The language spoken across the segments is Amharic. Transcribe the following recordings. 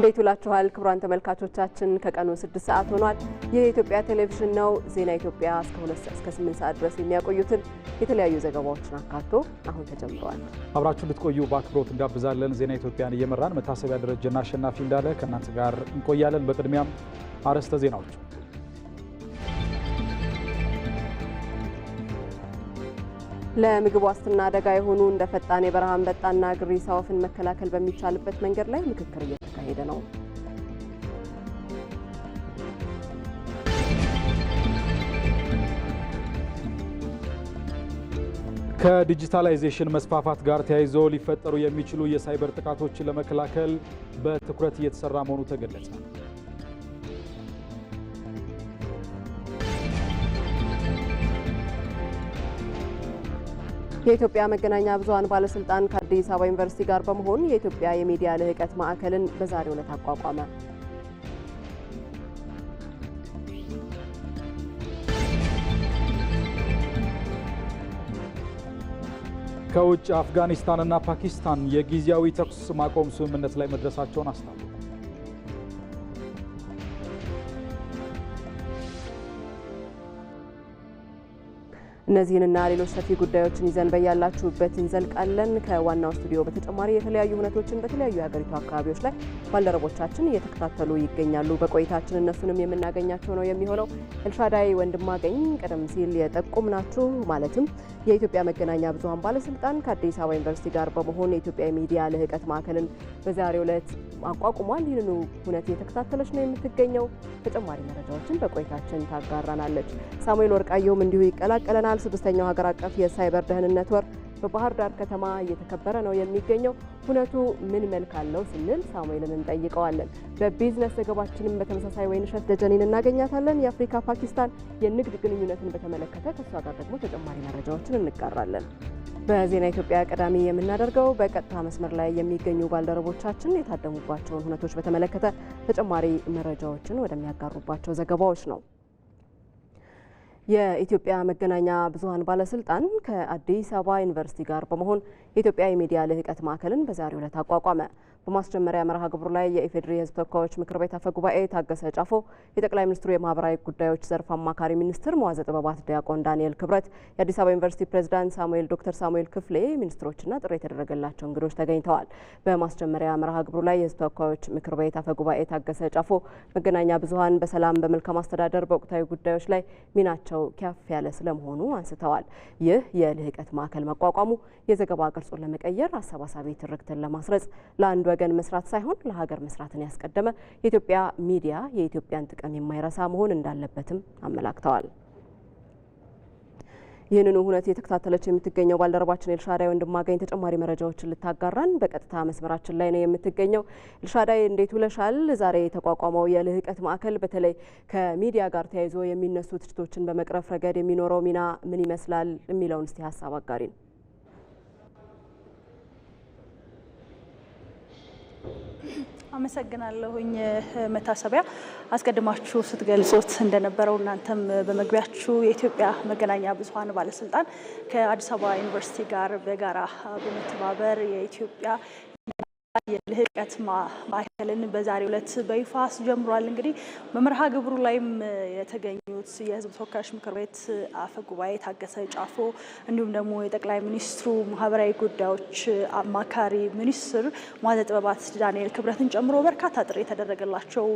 እንዴት ውላችኋል ክቡራን ተመልካቾቻችን፣ ከቀኑ ስድስት ሰዓት ሆኗል። ይህ የኢትዮጵያ ቴሌቪዥን ነው። ዜና ኢትዮጵያ እስከ 2 እስከ ስምንት ሰዓት ድረስ የሚያቆዩትን የተለያዩ ዘገባዎችን አካቶ አሁን ተጀምረዋል። አብራችሁን ልትቆዩ በአክብሮት እንዳብዛለን። ዜና ኢትዮጵያን እየመራን መታሰቢያ ደረጀና አሸናፊ እንዳለ ከእናንተ ጋር እንቆያለን። በቅድሚያም አርዕስተ ዜናዎች ለምግብ ዋስትና አደጋ የሆኑ እንደ ፈጣን የበረሃ አንበጣና ግሪሳ ወፍን መከላከል በሚቻልበት መንገድ ላይ ምክክር እየተካሄደ ነው። ከዲጂታላይዜሽን መስፋፋት ጋር ተያይዞ ሊፈጠሩ የሚችሉ የሳይበር ጥቃቶችን ለመከላከል በትኩረት እየተሰራ መሆኑ ተገለጸ። የኢትዮጵያ መገናኛ ብዙሃን ባለስልጣን ከአዲስ አበባ ዩኒቨርሲቲ ጋር በመሆን የኢትዮጵያ የሚዲያ ልህቀት ማዕከልን በዛሬው ዕለት አቋቋመ። ከውጭ አፍጋኒስታንና ፓኪስታን የጊዜያዊ ተኩስ ማቆም ስምምነት ላይ መድረሳቸውን አስታወቁ። እነዚህንና ሌሎች ሰፊ ጉዳዮችን ይዘን በያላችሁበት እንዘልቃለን። ከዋናው ስቱዲዮ በተጨማሪ የተለያዩ ሁነቶችን በተለያዩ የሀገሪቱ አካባቢዎች ላይ ባልደረቦቻችን እየተከታተሉ ይገኛሉ። በቆይታችን እነሱንም የምናገኛቸው ነው የሚሆነው። ኤልሻዳይ ወንድማገኝ ቀደም ሲል ናችሁ ማለትም የኢትዮጵያ መገናኛ ብዙኃን ባለስልጣን ከአዲስ አበባ ዩኒቨርሲቲ ጋር በመሆን የኢትዮጵያ ሚዲያ ልህቀት ማዕከልን በዛሬው ዕለት አቋቁሟል። ይህንኑ ሁነት እየተከታተለች ነው የምትገኘው። ተጨማሪ መረጃዎችን በቆይታችን ታጋራናለች። ሳሙኤል ወርቃየሁም እንዲሁ ይቀላቀለናል። ይገኛል። ስድስተኛው ሀገር አቀፍ የሳይበር ደህንነት ወር በባህር ዳር ከተማ እየተከበረ ነው የሚገኘው። ሁነቱ ምን መልክ አለው ስንል ሳሙኤልን እንጠይቀዋለን። በቢዝነስ ዘገባችንም በተመሳሳይ ወይንሸት ደጀኔን እናገኛታለን። የአፍሪካ ፓኪስታን የንግድ ግንኙነትን በተመለከተ ከእሷ ጋር ደግሞ ተጨማሪ መረጃዎችን እንጋራለን። በዜና ኢትዮጵያ ቀዳሚ የምናደርገው በቀጥታ መስመር ላይ የሚገኙ ባልደረቦቻችን የታደሙባቸውን ሁነቶች በተመለከተ ተጨማሪ መረጃዎችን ወደሚያጋሩባቸው ዘገባዎች ነው። የኢትዮጵያ መገናኛ ብዙኃን ባለስልጣን ከአዲስ አበባ ዩኒቨርሲቲ ጋር በመሆን የኢትዮጵያ የሚዲያ ልህቀት ማዕከልን በዛሬው ዕለት አቋቋመ። በማስጀመሪያ መርሃ ግብሩ ላይ የኢፌዴሪ የሕዝብ ተወካዮች ምክር ቤት አፈ ጉባኤ ታገሰ ጫፎ፣ የጠቅላይ ሚኒስትሩ የማህበራዊ ጉዳዮች ዘርፍ አማካሪ ሚኒስትር መዋዘ ጥበባት ዲያቆን ዳንኤል ክብረት፣ የአዲስ አበባ ዩኒቨርሲቲ ፕሬዚዳንት ሳሙኤል ዶክተር ሳሙኤል ክፍሌ ሚኒስትሮችና ጥሪ የተደረገላቸው እንግዶች ተገኝተዋል። በማስጀመሪያ መርሃ ግብሩ ላይ የህዝብ ተወካዮች ምክር ቤት አፈ ጉባኤ ታገሰ ጫፎ መገናኛ ብዙሀን በሰላም በመልካም አስተዳደር በወቅታዊ ጉዳዮች ላይ ሚናቸው ከፍ ያለ ስለመሆኑ አንስተዋል። ይህ የልህቀት ማዕከል መቋቋሙ የዘገባ ቅርጹን ለመቀየር አሰባሳቢ ትርክትን ለማስረጽ ለአንዱ ወገን መስራት ሳይሆን ለሀገር መስራትን ያስቀደመ የኢትዮጵያ ሚዲያ የኢትዮጵያን ጥቅም የማይረሳ መሆን እንዳለበትም አመላክተዋል። ይህንኑ ሁነት የተከታተለች የምትገኘው ባልደረባችን ኤልሻዳይ ወንድማገኝ ተጨማሪ መረጃዎችን ልታጋራን በቀጥታ መስመራችን ላይ ነው የምትገኘው። ኤልሻዳይ እንዴት ውለሻል? ዛሬ የተቋቋመው የልህቀት ማዕከል በተለይ ከሚዲያ ጋር ተያይዞ የሚነሱ ትችቶችን በመቅረፍ ረገድ የሚኖረው ሚና ምን ይመስላል የሚለውን እስቲ ሀሳብ አጋሪ ነው። አመሰግናለሁኝ። መታሰቢያ አስቀድማችሁ ስትገልጹት እንደነበረው እናንተም በመግቢያችሁ የኢትዮጵያ መገናኛ ብዙሀን ባለስልጣን ከአዲስ አበባ ዩኒቨርሲቲ ጋር በጋራ በመተባበር የኢትዮጵያ የልህቀት ማዕከልን በዛሬው ዕለት በይፋ አስጀምሯል። እንግዲህ በመርሃ ግብሩ ላይም የተገኙት የህዝብ ተወካዮች ምክር ቤት አፈ ጉባኤ ታገሰ ጫፎ እንዲሁም ደግሞ የጠቅላይ ሚኒስትሩ ማህበራዊ ጉዳዮች አማካሪ ሚኒስትር ሟዘ ጥበባት ዳንኤል ክብረትን ጨምሮ በርካታ ጥሪ የተደረገላቸው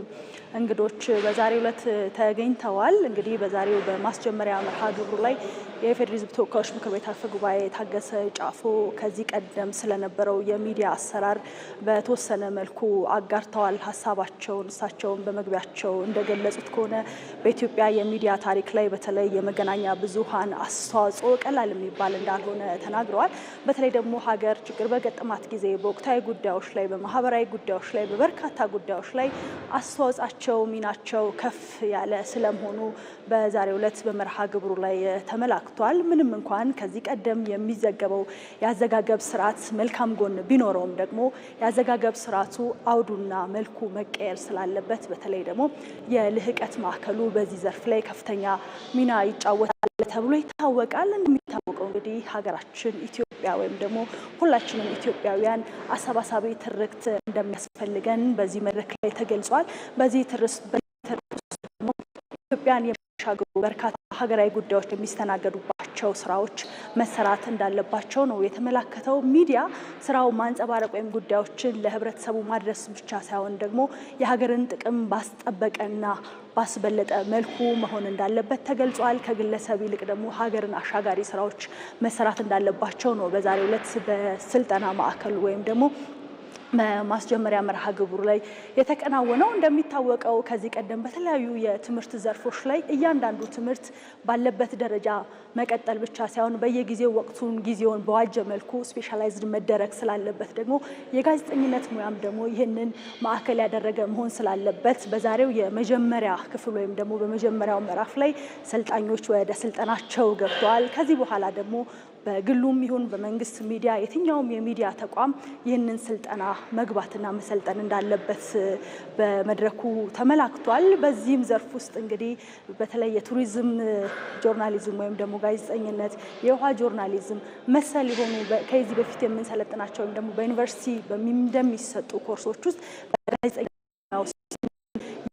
እንግዶች በዛሬው ዕለት ተገኝተዋል። እንግዲህ በዛሬው በማስጀመሪያ መርሃ ግብሩ ላይ የኢፌዴሪ ህዝብ ተወካዮች ምክር ቤት አፈ ጉባኤ ታገሰ ጫፎ ከዚህ ቀደም ስለነበረው የሚዲያ አሰራር በተወሰነ መልኩ አጋርተዋል ሀሳባቸውን። እሳቸውን በመግቢያቸው እንደገለጹት ከሆነ በኢትዮጵያ የሚዲያ ታሪክ ላይ በተለይ የመገናኛ ብዙሃን አስተዋጽኦ ቀላል የሚባል እንዳልሆነ ተናግረዋል። በተለይ ደግሞ ሀገር ችግር በገጠማት ጊዜ በወቅታዊ ጉዳዮች ላይ፣ በማህበራዊ ጉዳዮች ላይ፣ በበርካታ ጉዳዮች ላይ አስተዋጽቸው ሚናቸው ከፍ ያለ ስለመሆኑ በዛሬው ዕለት በመርሃ ግብሩ ላይ ተመላክቷል። ምንም እንኳን ከዚህ ቀደም የሚዘገበው የአዘጋገብ ስርዓት መልካም ጎን ቢኖረውም ደግሞ የአዘጋገብ ስርዓቱ አውዱና መልኩ መቀየር ስላለበት በተለይ ደግሞ የልህቀት ማዕከሉ በዚህ ዘርፍ ላይ ከፍተኛ ሚና ይጫወታል ተብሎ ይታወቃል። እንደሚታወቀው እንግዲህ ሀገራችን ኢትዮጵያ ወይም ደግሞ ሁላችንም ኢትዮጵያውያን አሰባሳቢ ትርክት እንደሚያስፈልገን በዚህ መድረክ ላይ ተገልጿል። በዚህ ትርስ ደግሞ ኢትዮጵያን የሚሻገሩ በርካታ ሀገራዊ ጉዳዮች የሚስተናገዱባት ያላቸው ስራዎች መሰራት እንዳለባቸው ነው የተመላከተው። ሚዲያ ስራው ማንጸባረቅ ወይም ጉዳዮችን ለህብረተሰቡ ማድረስ ብቻ ሳይሆን ደግሞ የሀገርን ጥቅም ባስጠበቀና ባስበለጠ መልኩ መሆን እንዳለበት ተገልጿል። ከግለሰብ ይልቅ ደግሞ ሀገርን አሻጋሪ ስራዎች መሰራት እንዳለባቸው ነው በዛሬው ዕለት በስልጠና ማዕከሉ ወይም ደግሞ ማስጀመሪያ መርሃ ግብሩ ላይ የተከናወነው እንደሚታወቀው ከዚህ ቀደም በተለያዩ የትምህርት ዘርፎች ላይ እያንዳንዱ ትምህርት ባለበት ደረጃ መቀጠል ብቻ ሳይሆን በየጊዜው ወቅቱን ጊዜውን በዋጀ መልኩ ስፔሻላይዝድ መደረግ ስላለበት ደግሞ የጋዜጠኝነት ሙያም ደግሞ ይህንን ማዕከል ያደረገ መሆን ስላለበት በዛሬው የመጀመሪያ ክፍል ወይም ደግሞ በመጀመሪያው ምዕራፍ ላይ ሰልጣኞች ወደ ስልጠናቸው ገብተዋል። ከዚህ በኋላ ደግሞ በግሉም ይሁን በመንግስት ሚዲያ የትኛውም የሚዲያ ተቋም ይህንን ስልጠና መግባትና መሰልጠን እንዳለበት በመድረኩ ተመላክቷል። በዚህም ዘርፍ ውስጥ እንግዲህ በተለይ የቱሪዝም ጆርናሊዝም ወይም ደግሞ ጋዜጠኝነት፣ የውሃ ጆርናሊዝም መሰል የሆኑ ከዚህ በፊት የምንሰለጥናቸው ወይም ደግሞ በዩኒቨርሲቲ እንደሚሰጡ ኮርሶች ውስጥ በጋዜጠኛ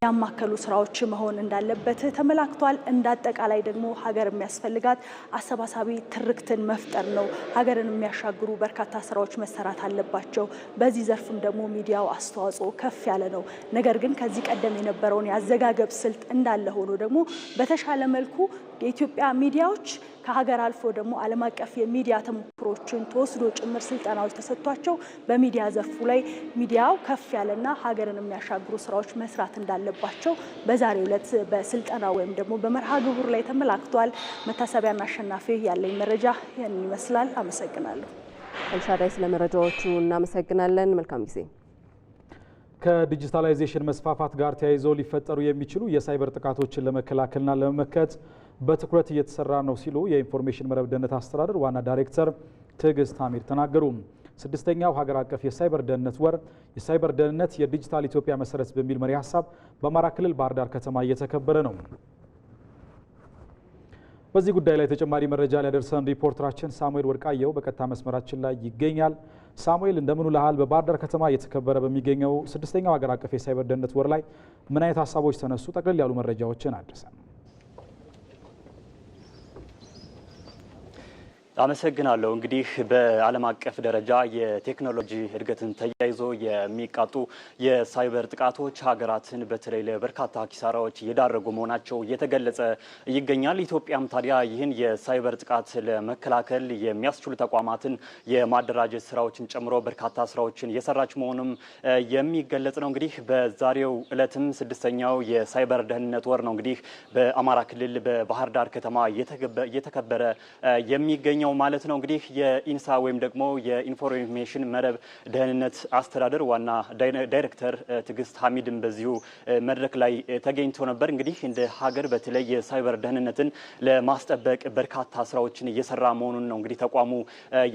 ያማከሉ ስራዎች መሆን እንዳለበት ተመላክቷል። እንደ አጠቃላይ ደግሞ ሀገር የሚያስፈልጋት አሰባሳቢ ትርክትን መፍጠር ነው። ሀገርን የሚያሻግሩ በርካታ ስራዎች መሰራት አለባቸው። በዚህ ዘርፍም ደግሞ ሚዲያው አስተዋጽኦ ከፍ ያለ ነው። ነገር ግን ከዚህ ቀደም የነበረውን የአዘጋገብ ስልት እንዳለ ሆኖ ደግሞ በተሻለ መልኩ የኢትዮጵያ ሚዲያዎች ከሀገር አልፎ ደግሞ ዓለም አቀፍ የሚዲያ ተሞክሮችን ተወስዶ ጭምር ስልጠናዎች ተሰጥቷቸው በሚዲያ ዘርፉ ላይ ሚዲያው ከፍ ያለና ሀገርን የሚያሻግሩ ስራዎች መስራት እንዳለ እንዳለባቸው በዛሬው ዕለት በስልጠና ወይም ደግሞ በመርሃ ግብሩ ላይ ተመላክቷል። መታሰቢያና አሸናፊ ያለኝ መረጃ ይህንን ይመስላል። አመሰግናለሁ። አልሻዳይ ስለ መረጃዎቹ እናመሰግናለን። መልካም ጊዜ። ከዲጂታላይዜሽን መስፋፋት ጋር ተያይዘው ሊፈጠሩ የሚችሉ የሳይበር ጥቃቶችን ለመከላከልና ለመመከት በትኩረት እየተሰራ ነው ሲሉ የኢንፎርሜሽን መረብ ደህንነት አስተዳደር ዋና ዳይሬክተር ትዕግስት አሚር ተናገሩ። ስድስተኛው ሀገር አቀፍ የሳይበር ደህንነት ወር የሳይበር ደህንነት የዲጂታል ኢትዮጵያ መሰረት በሚል መሪ ሀሳብ በአማራ ክልል ባህር ዳር ከተማ እየተከበረ ነው። በዚህ ጉዳይ ላይ ተጨማሪ መረጃ ሊያደርሰን ሪፖርተራችን ሳሙኤል ወርቃየው በቀጥታ መስመራችን ላይ ይገኛል። ሳሙኤል እንደምን ውለሃል? በባህር ዳር ከተማ እየተከበረ በሚገኘው ስድስተኛው ሀገር አቀፍ የሳይበር ደህንነት ወር ላይ ምን አይነት ሀሳቦች ተነሱ? ጠቅልል ያሉ መረጃዎችን አድርሰን አመሰግናለሁ። እንግዲህ በዓለም አቀፍ ደረጃ የቴክኖሎጂ እድገትን ተያይዞ የሚቃጡ የሳይበር ጥቃቶች ሀገራትን በተለይ ለበርካታ ኪሳራዎች እየዳረጉ መሆናቸው እየተገለጸ ይገኛል። ኢትዮጵያም ታዲያ ይህን የሳይበር ጥቃት ለመከላከል የሚያስችሉ ተቋማትን የማደራጀት ስራዎችን ጨምሮ በርካታ ስራዎችን እየሰራች መሆኑም የሚገለጽ ነው። እንግዲህ በዛሬው እለትም ስድስተኛው የሳይበር ደህንነት ወር ነው እንግዲህ በአማራ ክልል በባህር ዳር ከተማ እየተከበረ የሚገኝ አንደኛው ማለት ነው እንግዲህ የኢንሳ ወይም ደግሞ የኢንፎርሜሽን መረብ ደህንነት አስተዳደር ዋና ዳይሬክተር ትዕግስት ሀሚድን በዚሁ መድረክ ላይ ተገኝቶ ነበር። እንግዲህ እንደ ሀገር በተለይ የሳይበር ደህንነትን ለማስጠበቅ በርካታ ስራዎችን እየሰራ መሆኑን ነው እንግዲህ ተቋሙ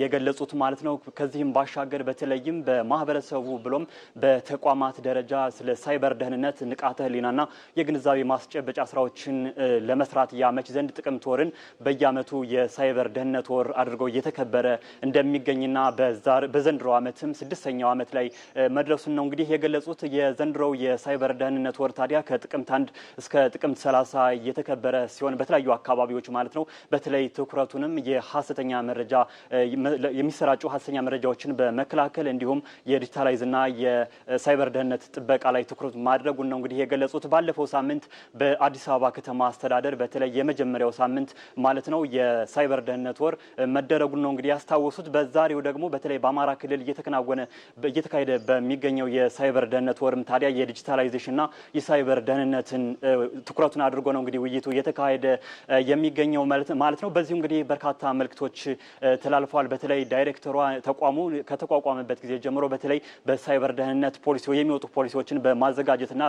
የገለጹት ማለት ነው። ከዚህም ባሻገር በተለይም በማህበረሰቡ ብሎም በተቋማት ደረጃ ስለ ሳይበር ደህንነት ንቃተ ህሊናና የግንዛቤ ማስጨበጫ ስራዎችን ለመስራት ያመች ዘንድ ጥቅምት ወርን በየዓመቱ የሳይበር ደህንነት ተኮር አድርጎ እየተከበረ እንደሚገኝና በዘንድሮ ዓመትም ስድስተኛው ዓመት ላይ መድረሱን ነው እንግዲህ የገለጹት። የዘንድሮው የሳይበር ደህንነት ወር ታዲያ ከጥቅምት አንድ እስከ ጥቅምት ሰላሳ እየተከበረ ሲሆን በተለያዩ አካባቢዎች ማለት ነው በተለይ ትኩረቱንም የሀሰተኛ መረጃ የሚሰራጩ ሀሰተኛ መረጃዎችን በመከላከል እንዲሁም የዲጂታላይዝና የሳይበር ደህንነት ጥበቃ ላይ ትኩረት ማድረጉን ነው እንግዲህ የገለጹት። ባለፈው ሳምንት በአዲስ አበባ ከተማ አስተዳደር በተለይ የመጀመሪያው ሳምንት ማለት ነው የሳይበር ደህንነት ወር መደረጉን ነው እንግዲህ ያስታወሱት። በዛሬው ደግሞ በተለይ በአማራ ክልል እየተከናወነ እየተካሄደ በሚገኘው የሳይበር ደህንነት ወርም ታዲያ የዲጂታላይዜሽንና የሳይበር ደህንነትን ትኩረቱን አድርጎ ነው እንግዲህ ውይይቱ እየተካሄደ የሚገኘው ማለት ነው። በዚሁ እንግዲህ በርካታ መልክቶች ተላልፈዋል። በተለይ ዳይሬክተሯ ተቋሙ ከተቋቋመበት ጊዜ ጀምሮ በተለይ በሳይበር ደህንነት ፖሊሲ የሚወጡ ፖሊሲዎችን በማዘጋጀትና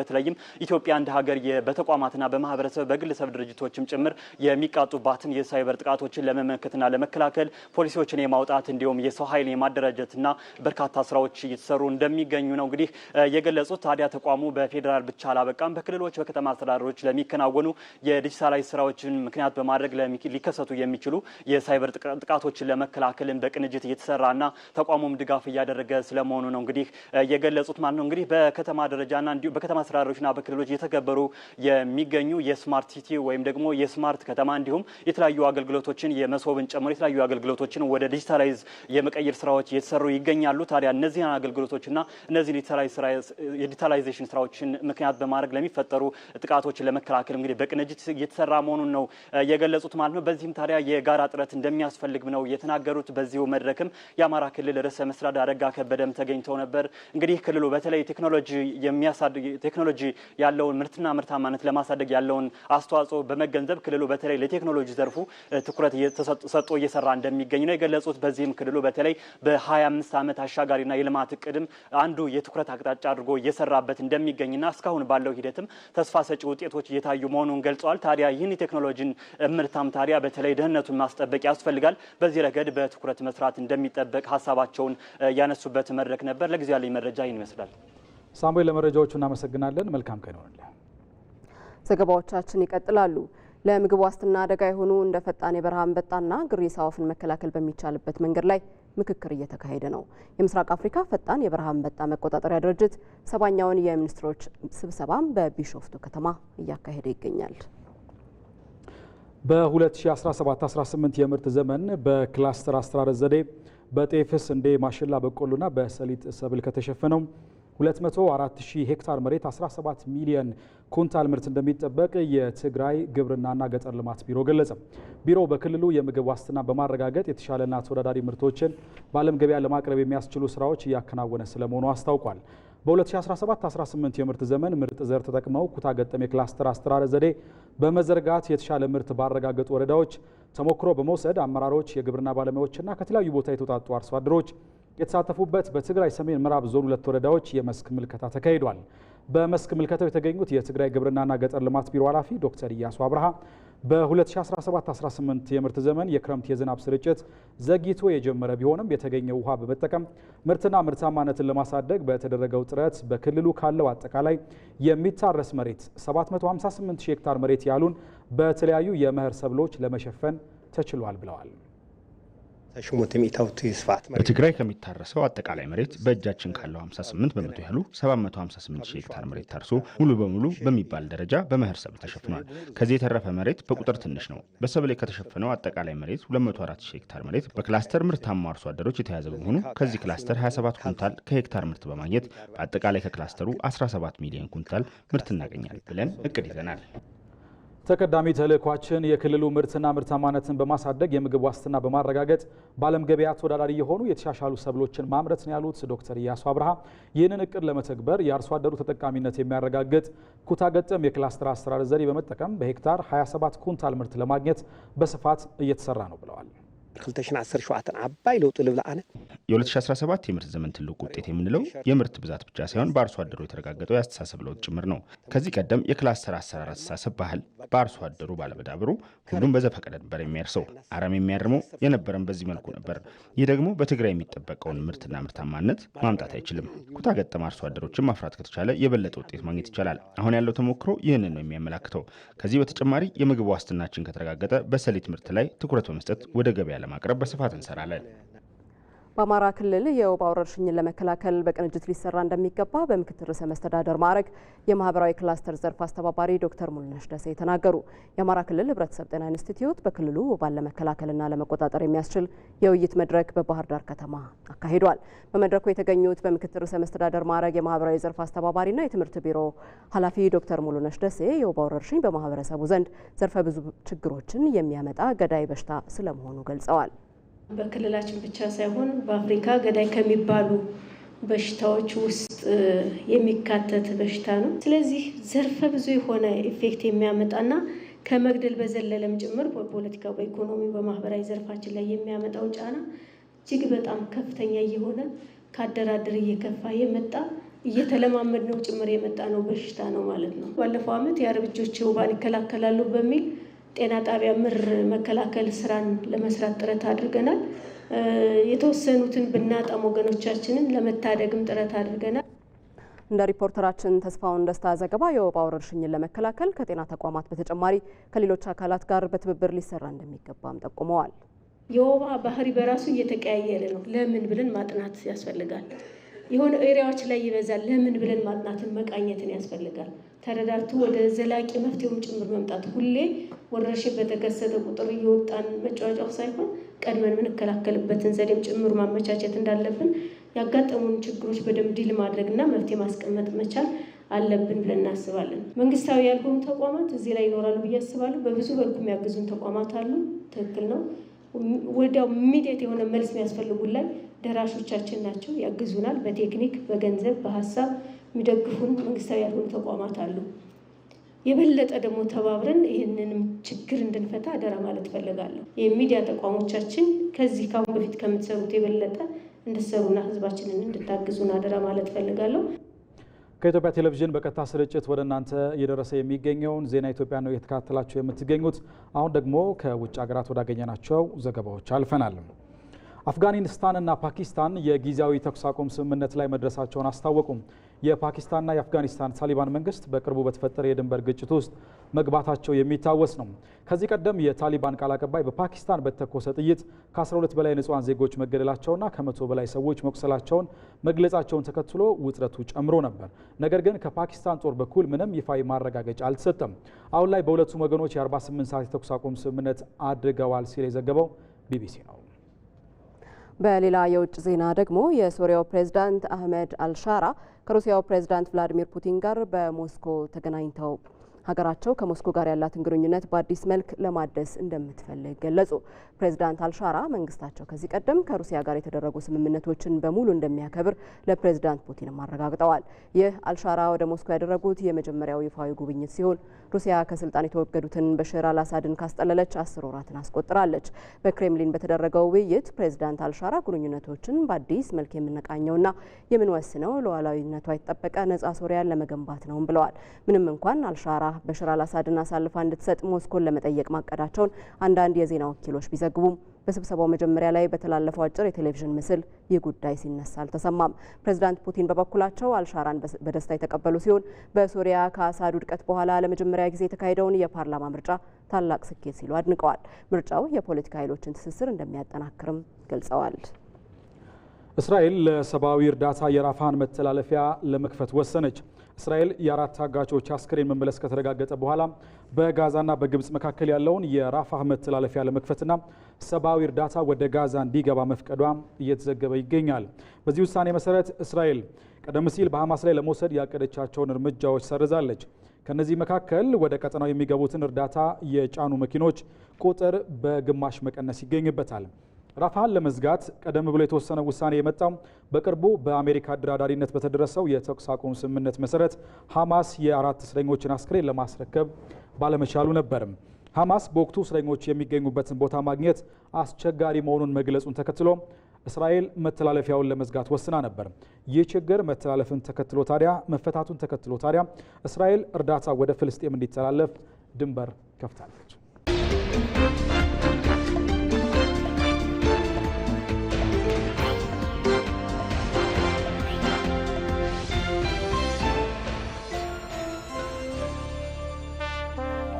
በተለይም ኢትዮጵያ እንደ ሀገር በተቋማትና በማህበረሰብ በግለሰብ ድርጅቶችም ጭምር የሚቃጡባትን የሳይበር ጥቃቶችን ለመመከ ለማበርከትና ለመከላከል ፖሊሲዎችን የማውጣት እንዲሁም የሰው ኃይል የማደራጀትና በርካታ ስራዎች እየተሰሩ እንደሚገኙ ነው እንግዲህ የገለጹት። ታዲያ ተቋሙ በፌዴራል ብቻ አላበቃም። በክልሎች በከተማ አስተዳደሮች ለሚከናወኑ የዲጂታላዊ ስራዎችን ምክንያት በማድረግ ሊከሰቱ የሚችሉ የሳይበር ጥቃቶችን ለመከላከልን በቅንጅት እየተሰራና ተቋሙም ድጋፍ እያደረገ ስለመሆኑ ነው እንግዲህ የገለጹት ማለት ነው። እንግዲህ በከተማ ደረጃና እንዲሁ በከተማ አስተዳደሮችና በክልሎች እየተገበሩ የሚገኙ የስማርት ሲቲ ወይም ደግሞ የስማርት ከተማ እንዲሁም የተለያዩ አገልግሎቶችን የመሶ ዩቲዩብን ጨምሮ የተለያዩ አገልግሎቶችን ወደ ዲጂታላይዝ የመቀየር ስራዎች እየተሰሩ ይገኛሉ። ታዲያ እነዚህን አገልግሎቶችና እነዚህን የዲጂታላይዜሽን ስራዎችን ምክንያት በማድረግ ለሚፈጠሩ ጥቃቶችን ለመከላከል እንግዲህ በቅንጅት እየተሰራ መሆኑን ነው የገለጹት ማለት ነው። በዚህም ታዲያ የጋራ ጥረት እንደሚያስፈልግ ነው የተናገሩት። በዚሁ መድረክም የአማራ ክልል ርዕሰ መስተዳድር አረጋ ከበደም ተገኝተው ነበር። እንግዲህ ክልሉ በተለይ ቴክኖሎጂ የሚያሳድግ ቴክኖሎጂ ያለውን ምርትና ምርታማነት ለማሳደግ ያለውን አስተዋጽኦ በመገንዘብ ክልሉ በተለይ ለቴክኖሎጂ ዘርፉ ትኩረት እየተሰጡ ሰጥቶ እየሰራ እንደሚገኝ ነው የገለጹት። በዚህም ክልሉ በተለይ በ25 ዓመት አሻጋሪና የልማት እቅድም አንዱ የትኩረት አቅጣጫ አድርጎ እየሰራበት እንደሚገኝና እስካሁን ባለው ሂደትም ተስፋ ሰጪ ውጤቶች እየታዩ መሆኑን ገልጸዋል። ታዲያ ይህን የቴክኖሎጂን እምርታም ታዲያ በተለይ ደህንነቱን ማስጠበቅ ያስፈልጋል። በዚህ ረገድ በትኩረት መስራት እንደሚጠበቅ ሀሳባቸውን ያነሱበት መድረክ ነበር። ለጊዜ ያለኝ መረጃ ይህን ይመስላል። ሳሙኤል፣ ለመረጃዎቹ እናመሰግናለን። መልካም ቀን ይሆንልን። ዘገባዎቻችን ይቀጥላሉ። ለምግብ ዋስትና አደጋ የሆኑ እንደ ፈጣን የበረሃ አንበጣና ግሪሳ ወፍን መከላከል በሚቻልበት መንገድ ላይ ምክክር እየተካሄደ ነው። የምስራቅ አፍሪካ ፈጣን የበረሃ አንበጣ መቆጣጠሪያ ድርጅት ሰባኛውን የሚኒስትሮች ስብሰባም በቢሾፍቱ ከተማ እያካሄደ ይገኛል። በ2017-18 የምርት ዘመን በክላስተር አስተራረስ ዘዴ በጤፍ፣ ስንዴ፣ ማሽላ፣ በቆሎና በሰሊጥ ሰብል ከተሸፈነው 204,000 ሄክታር መሬት 17 ሚሊዮን ኩንታል ምርት እንደሚጠበቅ የትግራይ ግብርናና ገጠር ልማት ቢሮ ገለጸ። ቢሮው በክልሉ የምግብ ዋስትና በማረጋገጥ የተሻለና ተወዳዳሪ ምርቶችን በዓለም ገበያ ለማቅረብ የሚያስችሉ ስራዎች እያከናወነ ስለመሆኑ አስታውቋል። በ2017-18 የምርት ዘመን ምርጥ ዘር ተጠቅመው ኩታ ገጠም የክላስተር አስተራረ ዘዴ በመዘርጋት የተሻለ ምርት ባረጋገጡ ወረዳዎች ተሞክሮ በመውሰድ አመራሮች፣ የግብርና ባለሙያዎችና ከተለያዩ ቦታ የተውጣጡ አርሶ አደሮች የተሳተፉበት በትግራይ ሰሜን ምዕራብ ዞን ሁለት ወረዳዎች የመስክ ምልከታ ተካሂዷል። በመስክ ምልከታው የተገኙት የትግራይ ግብርናና ገጠር ልማት ቢሮ ኃላፊ ዶክተር ኢያሱ አብርሃ በ2017-18 የምርት ዘመን የክረምት የዝናብ ስርጭት ዘግይቶ የጀመረ ቢሆንም የተገኘው ውሃ በመጠቀም ምርትና ምርታማነትን ለማሳደግ በተደረገው ጥረት በክልሉ ካለው አጠቃላይ የሚታረስ መሬት 758 ሺህ ሄክታር መሬት ያሉን በተለያዩ የመኸር ሰብሎች ለመሸፈን ተችሏል ብለዋል። በትግራይ ከሚታረሰው አጠቃላይ መሬት በእጃችን ካለው 58 በመቶ ያህሉ 758 ሺህ ሄክታር መሬት ታርሶ ሙሉ በሙሉ በሚባል ደረጃ በመኸር ሰብል ተሸፍኗል። ከዚህ የተረፈ መሬት በቁጥር ትንሽ ነው። በሰብል ከተሸፈነው አጠቃላይ መሬት 204 ሺህ ሄክታር መሬት በክላስተር ምርታማ አርሶ አደሮች የተያዘ በመሆኑ ከዚህ ክላስተር 27 ኩንታል ከሄክታር ምርት በማግኘት በአጠቃላይ ከክላስተሩ 17 ሚሊዮን ኩንታል ምርት እናገኛል ብለን እቅድ ይዘናል። ተቀዳሚ ተልእኳችን የክልሉ ምርትና ምርታማነትን በማሳደግ የምግብ ዋስትና በማረጋገጥ በዓለም ገበያ ተወዳዳሪ የሆኑ የተሻሻሉ ሰብሎችን ማምረት ነው ያሉት ዶክተር እያሱ አብርሃ ይህንን እቅድ ለመተግበር የአርሶ አደሩ ተጠቃሚነት የሚያረጋግጥ ኩታ ገጠም የክላስተር አሰራር ዘዴ በመጠቀም በሄክታር 27 ኩንታል ምርት ለማግኘት በስፋት እየተሰራ ነው ብለዋል። 2017 ዓባይ ለውጥ ልብላ ኣነ የ2017 የምርት ዘመን ትልቁ ውጤት የምንለው የምርት ብዛት ብቻ ሳይሆን በአርሶ አደሩ የተረጋገጠው የአስተሳሰብ ለውጥ ጭምር ነው። ከዚህ ቀደም የክላስተር አሰራር አስተሳሰብ ባህል በአርሶ አደሩ ባለመዳብሩ ሁሉም በዘፈቀደ ነበር የሚያርሰው፣ አረም የሚያርመው የነበረን በዚህ መልኩ ነበር። ይህ ደግሞ በትግራይ የሚጠበቀውን ምርትና ምርታማነት ማምጣት አይችልም። ኩታ ገጠም አርሶ አደሮችን ማፍራት ከተቻለ የበለጠ ውጤት ማግኘት ይቻላል። አሁን ያለው ተሞክሮ ይህንን ነው የሚያመላክተው። ከዚህ በተጨማሪ የምግብ ዋስትናችን ከተረጋገጠ በሰሊጥ ምርት ላይ ትኩረት በመስጠት ወደ ገበያ ለማቅረብ በስፋት እንሰራለን። በአማራ ክልል የወባ ወረርሽኝን ለመከላከል በቅንጅት ሊሰራ እንደሚገባ በምክትል ርዕሰ መስተዳደር ማዕረግ የማህበራዊ ክላስተር ዘርፍ አስተባባሪ ዶክተር ሙሉነሽ ደሴ ተናገሩ። የአማራ ክልል ህብረተሰብ ጤና ኢንስቲትዩት በክልሉ ወባን ለመከላከልና ለመቆጣጠር የሚያስችል የውይይት መድረክ በባህር ዳር ከተማ አካሂዷል። በመድረኩ የተገኙት በምክትል ርዕሰ መስተዳደር ማዕረግ የማህበራዊ ዘርፍ አስተባባሪና የትምህርት ቢሮ ኃላፊ ዶክተር ሙሉነሽ ደሴ የወባ ወረርሽኝ በማህበረሰቡ ዘንድ ዘርፈ ብዙ ችግሮችን የሚያመጣ ገዳይ በሽታ ስለመሆኑ ገልጸዋል። በክልላችን ብቻ ሳይሆን በአፍሪካ ገዳይ ከሚባሉ በሽታዎች ውስጥ የሚካተት በሽታ ነው። ስለዚህ ዘርፈ ብዙ የሆነ ኢፌክት የሚያመጣና ከመግደል በዘለለም ጭምር በፖለቲካ፣ በኢኮኖሚ፣ በማህበራዊ ዘርፋችን ላይ የሚያመጣው ጫና እጅግ በጣም ከፍተኛ እየሆነ ከአደራድር እየከፋ የመጣ እየተለማመድ ነው ጭምር የመጣ ነው በሽታ ነው ማለት ነው። ባለፈው ዓመት የአረብ እጆች ወባን ይከላከላሉ በሚል ጤና ጣቢያ ምር መከላከል ስራን ለመስራት ጥረት አድርገናል። የተወሰኑትን ብናጣም ወገኖቻችንን ለመታደግም ጥረት አድርገናል። እንደ ሪፖርተራችን ተስፋውን ደስታ ዘገባ የወባ ወረርሽኝን ለመከላከል ከጤና ተቋማት በተጨማሪ ከሌሎች አካላት ጋር በትብብር ሊሰራ እንደሚገባም ጠቁመዋል። የወባ ባህሪ በራሱ እየተቀያየረ ነው። ለምን ብለን ማጥናት ያስፈልጋል። የሆነ ኤሪያዎች ላይ ይበዛል። ለምን ብለን ማጥናትን መቃኘትን ያስፈልጋል። ተረዳርቶ ወደ ዘላቂ መፍትሄውም ጭምር መምጣት ሁሌ ወረርሽኝ በተከሰተ ቁጥር እየወጣን መጫወጫው ሳይሆን ቀድመን የምንከላከልበትን ዘዴም ጭምር ማመቻቸት እንዳለብን ያጋጠሙን ችግሮች በደንብ ማድረግ ማድረግና መፍትሄ ማስቀመጥ መቻል አለብን ብለን እናስባለን። መንግስታዊ ያልሆኑ ተቋማት እዚህ ላይ ይኖራሉ ብዬ አስባለሁ። በብዙ በልኩ የሚያግዙን ተቋማት አሉ። ትክክል ነው። ወዲያው ሚዲየት የሆነ መልስ የሚያስፈልጉን ላይ ደራሾቻችን ናቸው። ያግዙናል፣ በቴክኒክ በገንዘብ በሀሳብ የሚደግፉን መንግስታዊ ያልሆኑ ተቋማት አሉ። የበለጠ ደግሞ ተባብረን ይህንንም ችግር እንድንፈታ አደራ ማለት ፈልጋለሁ የሚዲያ ተቋሞቻችን ከዚህ ካሁን በፊት ከምትሰሩት የበለጠ እንድትሰሩና ህዝባችንን እንድታግዙን አደራ ማለት ፈልጋለሁ። ከኢትዮጵያ ቴሌቪዥን በቀጥታ ስርጭት ወደ እናንተ እየደረሰ የሚገኘውን ዜና ኢትዮጵያ ነው እየተከታተላችሁ የምትገኙት። አሁን ደግሞ ከውጭ ሀገራት ወዳገኘናቸው ዘገባዎች አልፈናል። አፍጋኒስታን እና ፓኪስታን የጊዜያዊ ተኩስ አቁም ስምምነት ላይ መድረሳቸውን አስታወቁም። የፓኪስታንና የአፍጋኒስታን ታሊባን መንግስት በቅርቡ በተፈጠረ የድንበር ግጭት ውስጥ መግባታቸው የሚታወስ ነው። ከዚህ ቀደም የታሊባን ቃል አቀባይ በፓኪስታን በተኮሰ ጥይት ከ12 በላይ ንጹሐን ዜጎች መገደላቸውና ከመቶ በላይ ሰዎች መቁሰላቸውን መግለጻቸውን ተከትሎ ውጥረቱ ጨምሮ ነበር። ነገር ግን ከፓኪስታን ጦር በኩል ምንም ይፋዊ ማረጋገጫ አልተሰጠም። አሁን ላይ በሁለቱም ወገኖች የ48 ሰዓት የተኩስ አቁም ስምምነት አድርገዋል ሲል የዘገበው ቢቢሲ ነው። በሌላ የውጭ ዜና ደግሞ የሶሪያው ፕሬዝዳንት አህመድ አልሻራ ከሩሲያው ፕሬዝዳንት ቭላዲሚር ፑቲን ጋር በሞስኮ ተገናኝተው ሀገራቸው ከሞስኮ ጋር ያላትን ግንኙነት በአዲስ መልክ ለማደስ እንደምትፈልግ ገለጹ። ፕሬዚዳንት አልሻራ መንግስታቸው ከዚህ ቀደም ከሩሲያ ጋር የተደረጉ ስምምነቶችን በሙሉ እንደሚያከብር ለፕሬዚዳንት ፑቲንም አረጋግጠዋል። ይህ አልሻራ ወደ ሞስኮ ያደረጉት የመጀመሪያው ይፋዊ ጉብኝት ሲሆን ሩሲያ ከስልጣን የተወገዱትን በሽር አላሳድን ካስጠለለች አስር ወራትን አስቆጥራለች። በክሬምሊን በተደረገው ውይይት ፕሬዚዳንት አልሻራ ግንኙነቶችን በአዲስ መልክ የምንቃኘውና የምንወስነው ሉዓላዊነቷ የተጠበቀ ነጻ ሶሪያን ለመገንባት ነውም ብለዋል። ምንም እንኳን አልሻራ በሽር አላሳድን አሳልፋ እንድትሰጥ ሞስኮን ለመጠየቅ ማቀዳቸውን አንዳንድ የዜና ወኪሎች ቢዘግቡም በስብሰባው መጀመሪያ ላይ በተላለፈው አጭር የቴሌቪዥን ምስል ይህ ጉዳይ ሲነሳ አልተሰማም። ፕሬዚዳንት ፑቲን በበኩላቸው አልሻራን በደስታ የተቀበሉ ሲሆን በሶሪያ ከአሳድ ውድቀት በኋላ ለመጀመሪያ ጊዜ የተካሄደውን የፓርላማ ምርጫ ታላቅ ስኬት ሲሉ አድንቀዋል። ምርጫው የፖለቲካ ኃይሎችን ትስስር እንደሚያጠናክርም ገልጸዋል። እስራኤል ለሰብአዊ እርዳታ የራፋን መተላለፊያ ለመክፈት ወሰነች። እስራኤል የአራት ታጋቾች አስክሬን መመለስ ከተረጋገጠ በኋላ በጋዛና በግብፅ መካከል ያለውን የራፋህ መተላለፊያ ለመክፈትና ሰብአዊ እርዳታ ወደ ጋዛ እንዲገባ መፍቀዷ እየተዘገበ ይገኛል። በዚህ ውሳኔ መሰረት እስራኤል ቀደም ሲል በሐማስ ላይ ለመውሰድ ያቀደቻቸውን እርምጃዎች ሰርዛለች። ከነዚህ መካከል ወደ ቀጠናው የሚገቡትን እርዳታ የጫኑ መኪኖች ቁጥር በግማሽ መቀነስ ይገኝበታል። ራፋህን ለመዝጋት ቀደም ብሎ የተወሰነ ውሳኔ የመጣው በቅርቡ በአሜሪካ አደራዳሪነት በተደረሰው የተኩስ አቁም ስምምነት መሰረት ሐማስ የአራት እስረኞችን አስክሬን ለማስረከብ ባለመቻሉ ነበርም። ሐማስ በወቅቱ እስረኞች የሚገኙበትን ቦታ ማግኘት አስቸጋሪ መሆኑን መግለጹን ተከትሎ እስራኤል መተላለፊያውን ለመዝጋት ወስና ነበር። ይህ ችግር መተላለፍን ተከትሎ ታዲያ መፈታቱን ተከትሎ ታዲያ እስራኤል እርዳታ ወደ ፍልስጤም እንዲተላለፍ ድንበር ከፍታለች።